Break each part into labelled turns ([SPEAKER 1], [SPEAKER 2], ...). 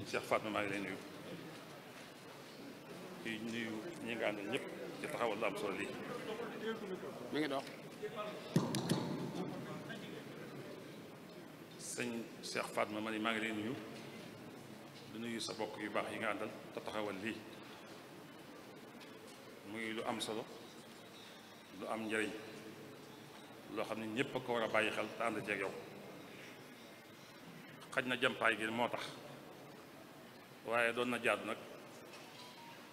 [SPEAKER 1] sëñ Cheikh Fatma maa ngi lay ñi nga àndal ñëpp ci taxawal mi ngi dox sëñ Cheikh Fatma ma ne maa ngi lay nuyu di nuyu sa bokk yu baax yi nga àndal te taxawal lii muy lu am solo lu am njariñ loo xam ne ñëpp a ko war a bàyyi xel te ànd jeeg yow xaj na jàmpaay gi moo tax waaye doon na jaadu nag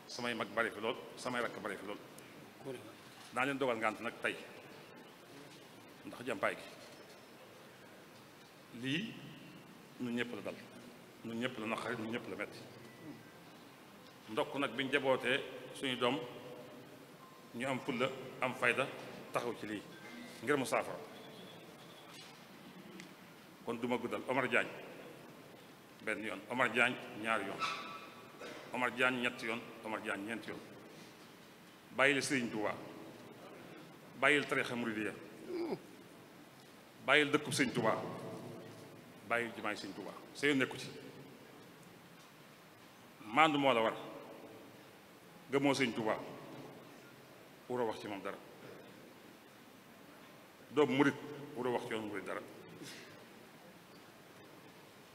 [SPEAKER 1] samay mag bari fi lool samay rakk bari fi lool naa leen dogal ngant nag tey ndax jàmpaay gi lii nu ñëpp la dal nu ñëpp la naqari nu ñëpp la metti ndokk nag biñ jabootee suñu doom ñu am fulla am fayda taxaw ci lii ngir mu saafara kon duma guddal Omar Diagne benn yoon Omar Diagne ñaari yoon Omar Diagne ñetti yoon Omar Diagne ñeenti yoon bàyyil Sëriñ Tuubaa bàyyil tariixa muridiya bàyyil dëkkub Sëriñ Tuubaa bàyyil jumaay Sëriñ Tuubaa sa nekku ci maandu moo la war gëmoo Sëriñ Tuubaa wuroo wax ci moom dara doomu murit wuroo wax ci yoon murit dara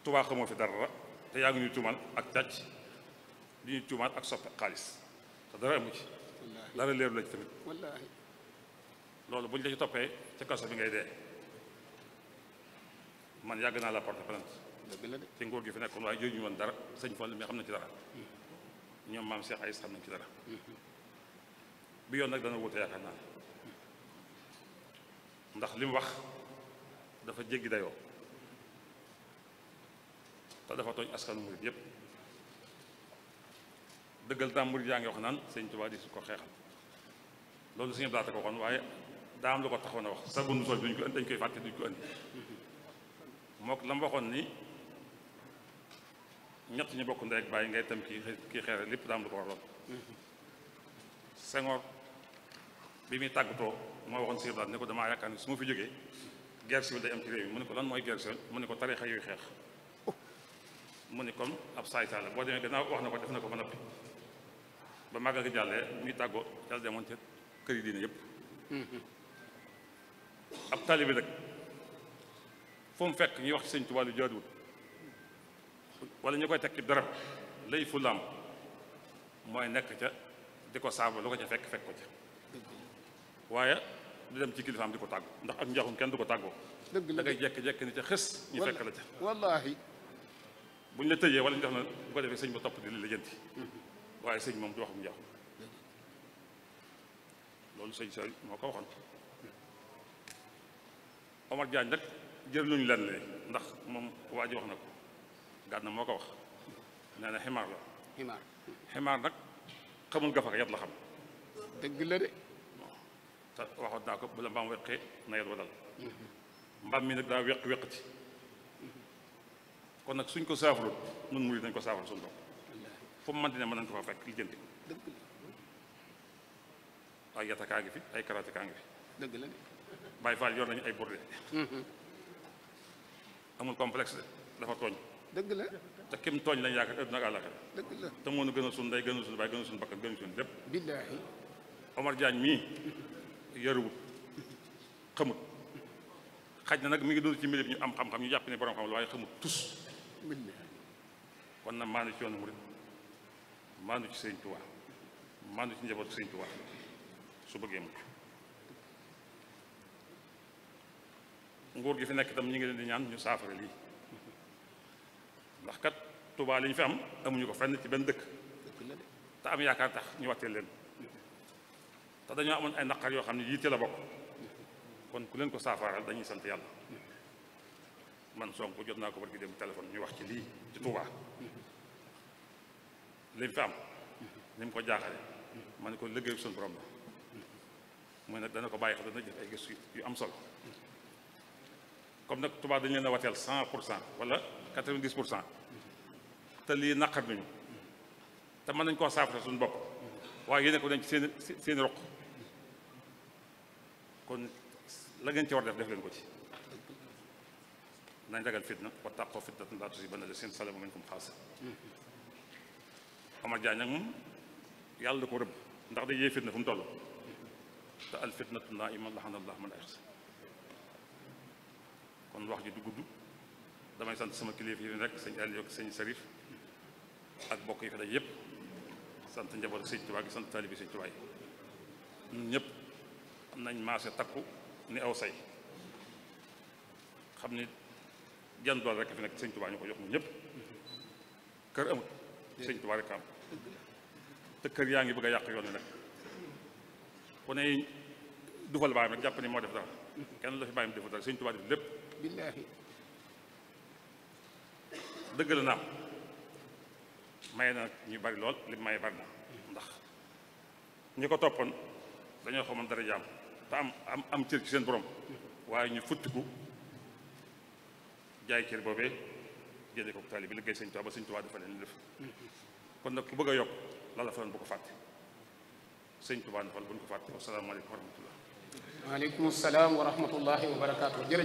[SPEAKER 1] Touba xamoo fi dara te yaa ngi ñuy tuumaal ak daj li ñuy tuumaal ak soppe xaalis te dara amu ci dara leeru la ci tamit loolu bu ñu la ci toppee ca kaso bi ngay dee man yàgg naa la porte plainte te nguur gi fi nekkoon waaye jooju ñu woon dara sëñ Fall mi xam nañ ci dara mm-hmm. ñoom maam Cheikh Aïs xam nañ ci dara mm-hmm. bi yoon nag dana wute yaakaar naa mm-hmm. ndax li wax dafa jéggi dayoo te dafa tooñ askanu murit yëpp dëggal tam murit yaa ngi wax naan sëñ Tuubaa di su ko xeexal loolu suñu blaata ko waxoon waaye daa am lu ko taxoon a wax sa bundu sooj duñ ko koy fàtte duñ ko indi mook la mu waxoon ñu bokk ndey ak bàyyi ngay tam kii lépp daa am lu ko waraloon Senghor tàggatoo moo waxoon sëñ ne ko damaa yaakaar su ma fi jógee guerre civile day am ci réew mi mu ne ko lan mooy guerre mu ne ko tarixa yooyu xeex mu ne comme ab saay saay la boo demee gannaaw wax na ko def na ko ba noppi ba màggal gi jàllee muy tàggoo dal demoon ca kër yi diine ab taalibe nag fu mu fekk ñuy wax ci sëñ Tuubaa lu jaaduwul ñu koy tekki dara lay fu lam mooy nekk ca di ko saabu lu ko ca fekk fekk ko ca waaye di dem ci kilifaam di ko tàggu ndax ak njaxum kenn du ko tàggoo da jekk jekk jekki ni ca xës ñu fekk la ca bu ñu la tëjee wala ñu def na bu ko defee sëñ ba topp di la lijjanti waaye sëñ moom du waxum njaaxum loolu sëñ sa moo ko waxoon Omar Diagne nag jëriñuñu lan lee ndax moom waa ji wax na ko gàtt na moo ko wax nee na ximaar la ximaar ximaar nag xamul gafaka yat la xam dëgg la de te naa ko bu la mbaam na yat wa dal mhm. mi nag daa weq weqati kon nag suñ ko saafarul nun murid nañ ko saafara suñu bopp fu mu mënti ne mën nañ ko fa fekk lijjanti ay yatakaa ngi fi ay karatekaa ngi fi dëgg la Baay Faal yor nañu ay burde mhm. amul complexe dafa tooñ dëgg la te kim tooñ lañ yaakaar adduna ak àllaaxira la te moo nu gën a sun day gën a sun baay gën a sun bakkan gën a sun lépp billaahi Omar Diagne mii yaruwut xamut xaj na nag mi ngi dund ci milieu bi ñu am xam-xam ñu jàpp ne borom xam la waaye xamut tus mbir kon na maandu ci yoonu murit maandu ci sëñ Tuubaa maandu ci njabootu sëñ Tuubaa su bëggee mucc nguur gi fi nekk itam ñu ngi leen di ñaan ñu saafara lii ndax kat Tuubaa li ñu fi am amuñu ko fenn ci benn dëkk te am yaakaar tax ñu wattee leen te dañoo amoon ay naqar yoo xam ne yitte la bokk kon ku leen ko saafaaral dañuy sant yàlla man Sonko jot naa ko war gi dem téléphone ñu wax ci lii ci Touba li mu fi am ni mu ko jaaxale ma ne ko liggéey suñu borom la ne dana ko bàyyi xam dana jëf ay gëstu yu am solo comme nag Touba dañ leen a wateel cent pour cent wala quatre-vingt-dix pour cent te lii naqar nañu te mën nañ koo saafara suñ bopp waaye yéen ko dañ ci seen seen roq kon la ngeen ci war def def leen ko ci nañ ragal fitna wa taqoo fitnatan laa tusiibanna llaziina zalamu minkum xaasa Omar Diagne nag moom yàlla da ko rëbb ndax day yee fitna fu mu toll te al fitnatu naa'ima laxanallahu man ayqaz kon wax ji du gudd damay sant sama kilifa yi rek sëñ Aliou ak sëñ Sarif ak bokk yi fa daje yëpp sant njaboot sëñ Tuubaa gi sant taalibi sëñ Tuubaa yi ñun nañ maase takku ni say jenn doole rek fi nekk sëñ Tuubaa ñu ko jox ñun ñëpp kër amut sëñ Tuubaa rek am te kër yaa ngi bëgg a yàq yoon wi nag ku ne dufal baayam jàpp ni moo def dara kenn la fi baayam defu dara sëñ Tuubaa def lépp dëgg la naam may na ñu bari lool li may bari na ndax ñi ko toppoon dañoo xamoon dara te am am am cër ci seen borom waaye ñu futtiku jaay cër boobee génne ko ku taalibe bi liggéey sëñ Tuubaa ba sëñ Tuubaa dafa leen def kon nag ku bëgg a yokk la la faloon bu ko fàtte sëñ Tuubaa na fal bu ñu ko fàtte wasalaamaaleykum wa rahmatullah waaleykum salaam wa rahmatullahi wa barakaatu